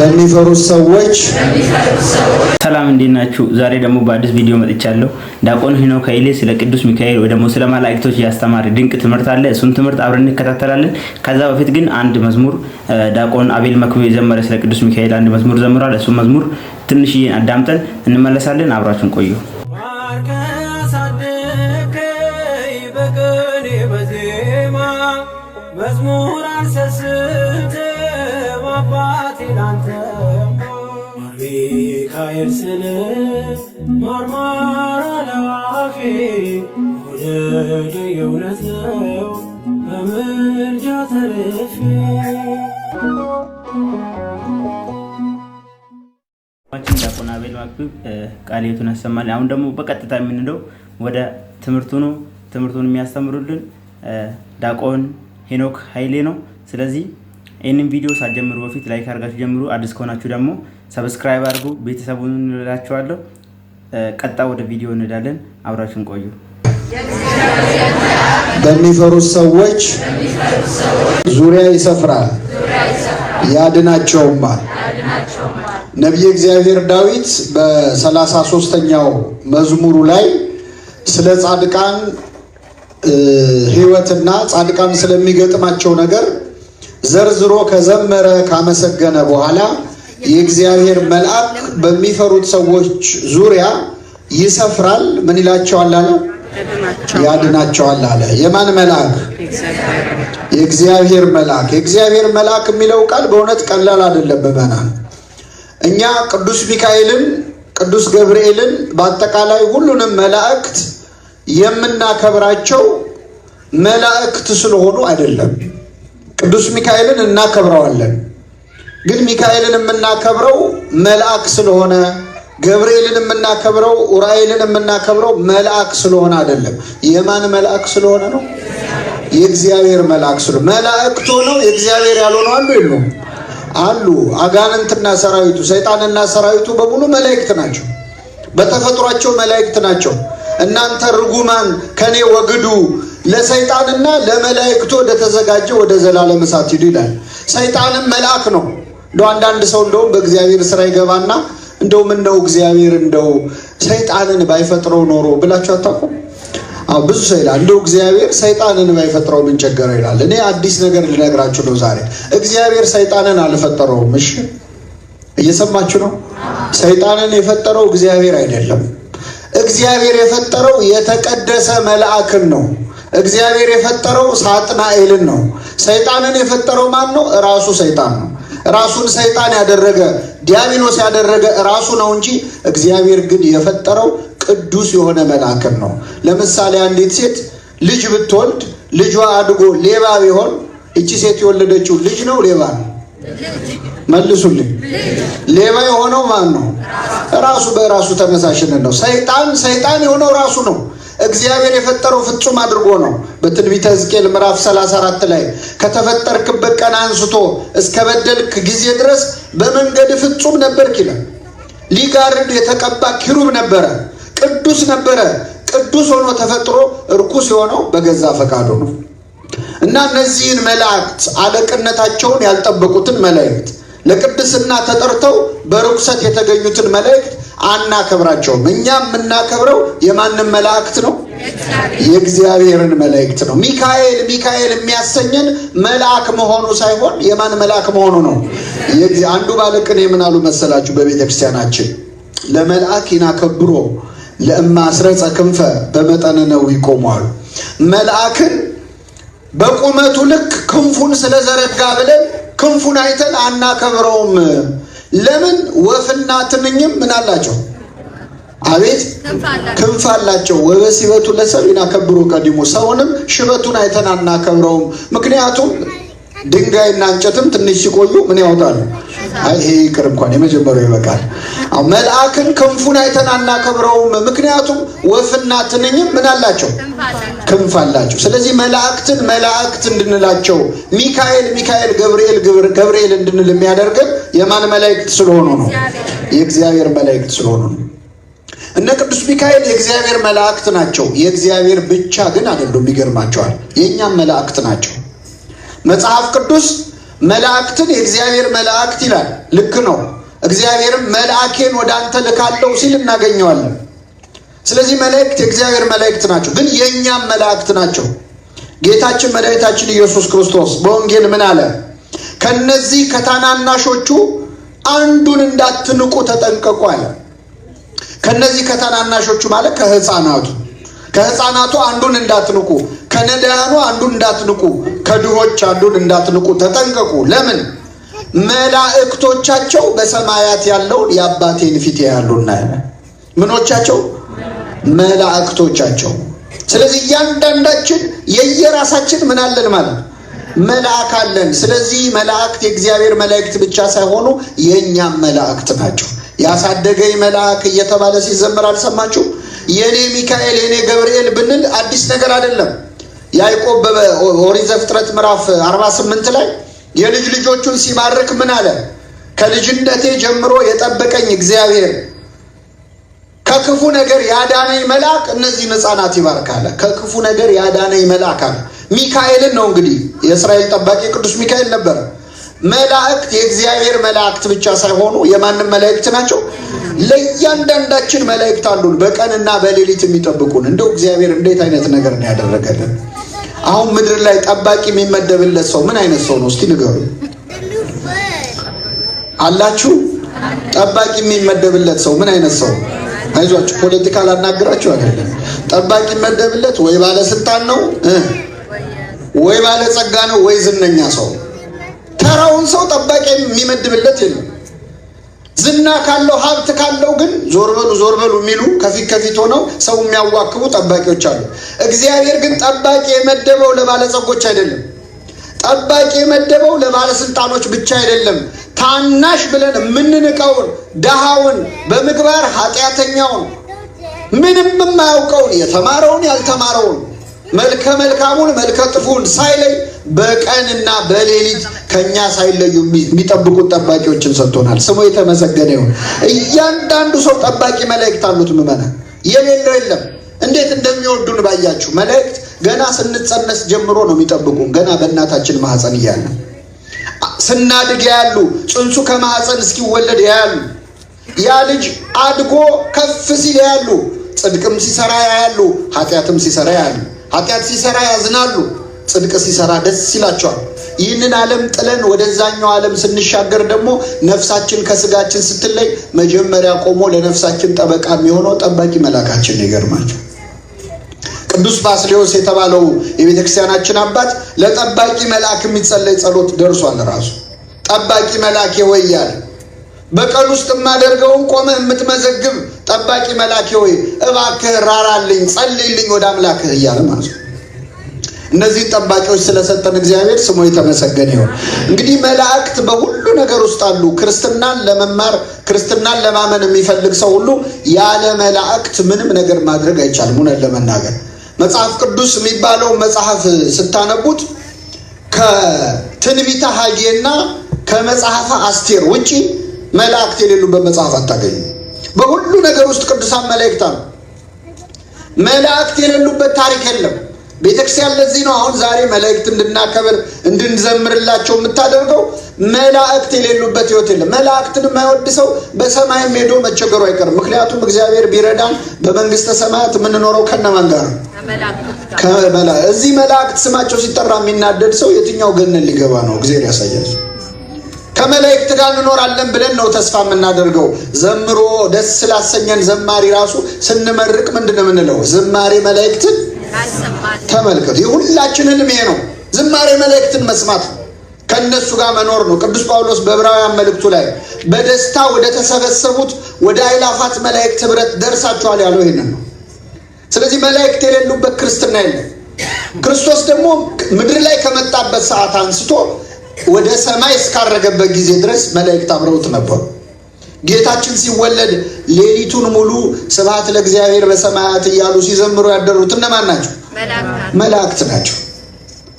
በሚፈሩት ሰዎች ሰላም፣ እንዴት ናችሁ? ዛሬ ደግሞ በአዲስ ቪዲዮ መጥቻለሁ። ዲያቆን ሄኖክ ኃይሌ ስለ ቅዱስ ሚካኤል ወይ ደግሞ ስለ መላእክቶች ያስተማረ ድንቅ ትምህርት አለ። እሱን ትምህርት አብረን እንከታተላለን። ከዛ በፊት ግን አንድ መዝሙር ዳቆን አቤል መክቤ የዘመረ ስለ ቅዱስ ሚካኤል አንድ መዝሙር ዘምሯል። እሱን መዝሙር ትንሽዬ አዳምጠን እንመለሳለን። አብራችሁን ቆዩ። መዝሙር አንሰስት አባቴ ላንተ ሚካኤል ስል ማር ማር አለ የእውነት ነው በምልጃ ተርፌ ዲያቆን አቤል ማክብብ ቃሌቱን ያሰማል። አሁን ደግሞ በቀጥታ የምንለው ወደ ትምህርቱ ነው። ትምህርቱን የሚያስተምሩልን ዲያቆን ሄኖክ ኃይሌ ነው። ስለዚህ ይህንን ቪዲዮ ሳትጀምሩ በፊት ላይክ አድርጋችሁ ጀምሩ። አዲስ ከሆናችሁ ደግሞ ሰብስክራይብ አድርጉ። ቤተሰቡን እንላችኋለሁ። ቀጣ ወደ ቪዲዮ እንሄዳለን። አብራችን ቆዩ። በሚፈሩት ሰዎች ዙሪያ ይሰፍራል ያድናቸውማል። ነቢይ እግዚአብሔር ዳዊት በሰላሳ ሶስተኛው መዝሙሩ ላይ ስለ ጻድቃን ሕይወትና ጻድቃን ስለሚገጥማቸው ነገር ዘርዝሮ ከዘመረ ካመሰገነ በኋላ የእግዚአብሔር መልአክ በሚፈሩት ሰዎች ዙሪያ ይሰፍራል። ምን ይላቸዋል አለ? ያድናቸዋል አለ። የማን መልአክ? የእግዚአብሔር መልአክ። የእግዚአብሔር መልአክ የሚለው ቃል በእውነት ቀላል አይደለም። በመና እኛ ቅዱስ ሚካኤልን፣ ቅዱስ ገብርኤልን በአጠቃላይ ሁሉንም መላእክት የምናከብራቸው መላእክት ስለሆኑ አይደለም ቅዱስ ሚካኤልን እናከብረዋለን። ግን ሚካኤልን የምናከብረው መልአክ ስለሆነ ገብርኤልን የምናከብረው ኡራኤልን የምናከብረው መልአክ ስለሆነ አይደለም። የማን መልአክ ስለሆነ ነው? የእግዚአብሔር መልአክ ስለሆነ መላእክት ነው። የእግዚአብሔር ያልሆነ አሉ የሉም? አሉ። አጋንንትና ሰራዊቱ፣ ሰይጣንና ሰራዊቱ በሙሉ መላእክት ናቸው። በተፈጥሯቸው መላእክት ናቸው። እናንተ ርጉማን ከኔ ወግዱ ለሰይጣንና ለመላእክቱ ተዘጋጀ ወደ ዘላለም እሳት ሂዱ ይላል። ሰይጣንም መልአክ ነው። እንደ አንዳንድ ሰው እንደውም በእግዚአብሔር ስራ ይገባና እንደው ምን ነው እግዚአብሔር እንደው ሰይጣንን ባይፈጥረው ኖሮ ብላችሁ አታውቁም? አዎ ብዙ ሰው ይላል እንደው እግዚአብሔር ሰይጣንን ባይፈጥረው ምን ቸገረው ይላል። እኔ አዲስ ነገር ልነግራችሁ ነው ዛሬ። እግዚአብሔር ሰይጣንን አልፈጠረውም። እሺ እየሰማችሁ ነው? ሰይጣንን የፈጠረው እግዚአብሔር አይደለም። እግዚአብሔር የፈጠረው የተቀደሰ መልአክን ነው። እግዚአብሔር የፈጠረው ሳጥናኤልን ነው። ሰይጣንን የፈጠረው ማን ነው? ራሱ ሰይጣን ነው። ራሱን ሰይጣን ያደረገ ዲያብሎስ ያደረገ ራሱ ነው እንጂ እግዚአብሔር ግን የፈጠረው ቅዱስ የሆነ መልአክን ነው። ለምሳሌ አንዲት ሴት ልጅ ብትወልድ ልጇ አድጎ ሌባ ቢሆን እቺ ሴት የወለደችው ልጅ ነው ሌባ ነው? መልሱልኝ። ሌባ የሆነው ማን ነው? ራሱ በራሱ ተመሳሽነት ነው። ሰይጣን ሰይጣን የሆነው ራሱ ነው። እግዚአብሔር የፈጠረው ፍጹም አድርጎ ነው። በትንቢተ ሕዝቅኤል ምዕራፍ 34 ላይ ከተፈጠርክበት ቀን አንስቶ እስከ በደልክ ጊዜ ድረስ በመንገድ ፍጹም ነበርክ ይላል። ሊጋርድ የተቀባ ኪሩብ ነበረ፣ ቅዱስ ነበረ። ቅዱስ ሆኖ ተፈጥሮ እርኩስ የሆነው በገዛ ፈቃዱ ነው እና እነዚህን መላእክት አለቅነታቸውን ያልጠበቁትን መላእክት ለቅድስና ተጠርተው በርኩሰት የተገኙትን መላእክት አናከብራቸውም። እኛ የምናከብረው የማንም መላእክት ነው? የእግዚአብሔርን መላእክት ነው። ሚካኤል ሚካኤል የሚያሰኘን መልአክ መሆኑ ሳይሆን የማን መልአክ መሆኑ ነው። አንዱ ባለቅኔ ምን አሉ መሰላችሁ? በቤተ ክርስቲያናችን ለመልአክ ይናከብሮ ለእማስረጸ ክንፈ በመጠን ነው ይቆማሉ። መልአክን በቁመቱ ልክ ክንፉን ስለዘረጋ ብለን ክንፉን አይተን አናከብረውም። ለምን ወፍና ትንኝም ምን አላቸው? አቤት ክንፍ አላቸው። ወበሲበቱ ለሰብ ይናከብሩ ቀዲሙ ሰውንም ሽበቱን አይተን አናከብረውም። ምክንያቱም ድንጋይና እንጨትም ትንሽ ሲቆዩ ምን ያወጣሉ? ይሄ ይቅር እንኳን የመጀመሪያው ይበቃል። መልአክን ክንፉን አይተን አናከብረውም፣ ምክንያቱም ወፍና ትንኝም ምን አላቸው ክንፍ አላቸው። ስለዚህ መላእክትን መላእክት እንድንላቸው ሚካኤል ሚካኤል ገብርኤል ገብርኤል እንድንል የሚያደርግን የማን መላእክት ስለሆኑ ነው? የእግዚአብሔር መላእክት ስለሆኑ ነው። እነ ቅዱስ ሚካኤል የእግዚአብሔር መላእክት ናቸው። የእግዚአብሔር ብቻ ግን አይደሉም። ይገርማቸዋል። የእኛም መላእክት ናቸው። መጽሐፍ ቅዱስ መላእክትን የእግዚአብሔር መላእክት ይላል። ልክ ነው። እግዚአብሔርም መልአኬን ወደ አንተ ልካለው ሲል እናገኘዋለን። ስለዚህ መላእክት የእግዚአብሔር መላእክት ናቸው፣ ግን የእኛም መላእክት ናቸው። ጌታችን መድኃኒታችን ኢየሱስ ክርስቶስ በወንጌል ምን አለ? ከነዚህ ከታናናሾቹ አንዱን እንዳትንቁ ተጠንቀቁ አለ። ከነዚህ ከታናናሾቹ ማለት ከህፃናቱ ከህፃናቱ አንዱን እንዳትንቁ ከነዳያኑ አንዱን እንዳትንቁ፣ ከድሆች አንዱን እንዳትንቁ ተጠንቀቁ። ለምን መላእክቶቻቸው በሰማያት ያለውን የአባቴን ፊት ያሉና ምኖቻቸው መላእክቶቻቸው። ስለዚህ እያንዳንዳችን የየራሳችን ምን አለን ማለት መልአክ አለን። ስለዚህ መላእክት የእግዚአብሔር መላእክት ብቻ ሳይሆኑ የእኛም መላእክት ናቸው። ያሳደገኝ መልአክ እየተባለ ሲዘመር አልሰማችሁ? የእኔ ሚካኤል የእኔ ገብርኤል ብንል አዲስ ነገር አይደለም። ያዕቆብ በኦሪት ዘፍጥረት ምዕራፍ 48 ላይ የልጅ ልጆቹን ሲባርክ ምን አለ? ከልጅነቴ ጀምሮ የጠበቀኝ እግዚአብሔር ከክፉ ነገር ያዳነኝ መልአክ እነዚህን ሕፃናት ይባርካል። ከክፉ ነገር ያዳነኝ መልአክ አለ። ሚካኤልን ነው እንግዲህ የእስራኤል ጠባቂ ቅዱስ ሚካኤል ነበር። መላእክት የእግዚአብሔር መላእክት ብቻ ሳይሆኑ የማንም መላእክት ናቸው። ለእያንዳንዳችን መላእክት አሉን፣ በቀንና በሌሊት የሚጠብቁን። እንደው እግዚአብሔር እንዴት አይነት ነገር ነው ያደረገልን! አሁን ምድር ላይ ጠባቂ የሚመደብለት ሰው ምን አይነት ሰው ነው? እስቲ ንገሩ አላችሁ። ጠባቂ የሚመደብለት ሰው ምን አይነት ሰው? አይዟችሁ፣ ፖለቲካ ላናገራችሁ አይደለም። ጠባቂ የሚመደብለት ወይ ባለስልጣን ነው ወይ ባለጸጋ ነው ወይ ዝነኛ ሰው። ተራውን ሰው ጠባቂ የሚመድብለት የለም። ዝና ካለው ሀብት ካለው ግን ዞር በሉ ዞር በሉ የሚሉ ከፊት ከፊት ሆነው ሰው የሚያዋክቡ ጠባቂዎች አሉ። እግዚአብሔር ግን ጠባቂ የመደበው ለባለጸጎች አይደለም። ጠባቂ የመደበው ለባለስልጣኖች ብቻ አይደለም። ታናሽ ብለን የምንንቀውን ድሃውን፣ በምግባር ኃጢአተኛውን፣ ምንም የማያውቀውን የተማረውን፣ ያልተማረውን፣ መልከ መልካሙን፣ መልከ ጥፉን ሳይለይ በቀንና በሌሊት ከኛ ሳይለዩ የሚጠብቁት ጠባቂዎችን ሰጥቶናል። ስሙ የተመሰገነ ይሁን። እያንዳንዱ ሰው ጠባቂ መላእክት አሉት። ምመና የሌለው የለም። እንዴት እንደሚወዱን ባያችሁ። መላእክት ገና ስንጸነስ ጀምሮ ነው የሚጠብቁን። ገና በእናታችን ማህፀን እያለ ስናድግ ያሉ ጽንሱ ከማህፀን እስኪወለድ ያሉ ያ ልጅ አድጎ ከፍ ሲል ያሉ ጽድቅም ሲሰራ ያሉ ኃጢአትም ሲሰራ ያሉ ኃጢአት ሲሰራ ያዝናሉ ጽድቅ ሲሰራ ደስ ይላቸዋል። ይህንን ዓለም ጥለን ወደዛኛው ዓለም ስንሻገር ደግሞ ነፍሳችን ከስጋችን ስትለይ መጀመሪያ ቆሞ ለነፍሳችን ጠበቃ የሚሆነው ጠባቂ መላካችን። ይገርማቸው። ቅዱስ ባስሌዎስ የተባለው የቤተ ክርስቲያናችን አባት ለጠባቂ መልአክ የሚጸለይ ጸሎት ደርሷል። ራሱ ጠባቂ መልአክ ወይ በቀል በቀን ውስጥ የማደርገውን ቆመህ የምትመዘግብ ጠባቂ መልአክ ወይ እባክህ ራራልኝ፣ ጸልይልኝ ወደ አምላክህ እያለ ማለት ነው። እነዚህ ጠባቂዎች ስለሰጠን እግዚአብሔር ስሙ የተመሰገነ ይሁን። እንግዲህ መላእክት በሁሉ ነገር ውስጥ አሉ። ክርስትናን ለመማር ክርስትናን ለማመን የሚፈልግ ሰው ሁሉ ያለ መላእክት ምንም ነገር ማድረግ አይቻልም። እውነት ለመናገር መጽሐፍ ቅዱስ የሚባለው መጽሐፍ ስታነቡት ከትንቢተ ሐጌና ከመጽሐፈ አስቴር ውጪ መላእክት የሌሉበት መጽሐፍ አታገኙ። በሁሉ ነገር ውስጥ ቅዱሳን መላእክት አሉ። መላእክት የሌሉበት ታሪክ የለም። ቤተክርስቲያን ለዚህ ነው አሁን ዛሬ መላእክት እንድናከብር እንድንዘምርላቸው የምታደርገው። መላእክት የሌሉበት ህይወት የለም። መላእክትን የማይወድ ሰው በሰማይም ሄዶ መቸገሩ አይቀርም። ምክንያቱም እግዚአብሔር ቢረዳን በመንግስተ ሰማያት የምንኖረው ከነማን ጋር ነው? እዚህ መላእክት ስማቸው ሲጠራ የሚናደድ ሰው የትኛው ገነን ሊገባ ነው? እግዚአብሔር ያሳያል። ከመላእክት ጋር እንኖራለን ብለን ነው ተስፋ የምናደርገው። ዘምሮ ደስ ስላሰኘን ዘማሪ ራሱ ስንመርቅ ምንድን ነው የምንለው? ዝማሬ መላእክትን ተመልከቱ። የሁላችንንም ይሄ ነው ዝማሬ መልእክትን መስማት ነው። ከእነሱ ጋር መኖር ነው። ቅዱስ ጳውሎስ በዕብራውያን መልእክቱ ላይ በደስታ ወደ ተሰበሰቡት ወደ አይላፋት መላእክት ህብረት ደርሳችኋል ያለው ይህንን ነው። ስለዚህ መላእክት የሌሉበት ክርስትና የለም። ክርስቶስ ደግሞ ምድር ላይ ከመጣበት ሰዓት አንስቶ ወደ ሰማይ እስካረገበት ጊዜ ድረስ መላእክት አብረውት ነበሩ። ጌታችን ሲወለድ ሌሊቱን ሙሉ ስብሐት ለእግዚአብሔር በሰማያት እያሉ ሲዘምሩ ያደሩት እነማን ናቸው? መላእክት ናቸው።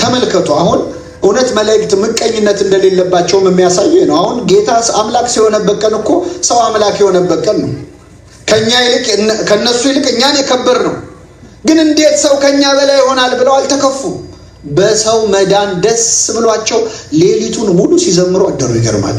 ተመልከቱ። አሁን እውነት መላእክት ምቀኝነት እንደሌለባቸውም የሚያሳየ ነው። አሁን ጌታ አምላክ ሲሆነበት ቀን እኮ ሰው አምላክ የሆነበት ቀን ነው። ከእኛ ይልቅ ከእነሱ ይልቅ እኛን የከበር ነው። ግን እንዴት ሰው ከእኛ በላይ ይሆናል ብለው አልተከፉም። በሰው መዳን ደስ ብሏቸው ሌሊቱን ሙሉ ሲዘምሩ አደሩ። ይገርማል።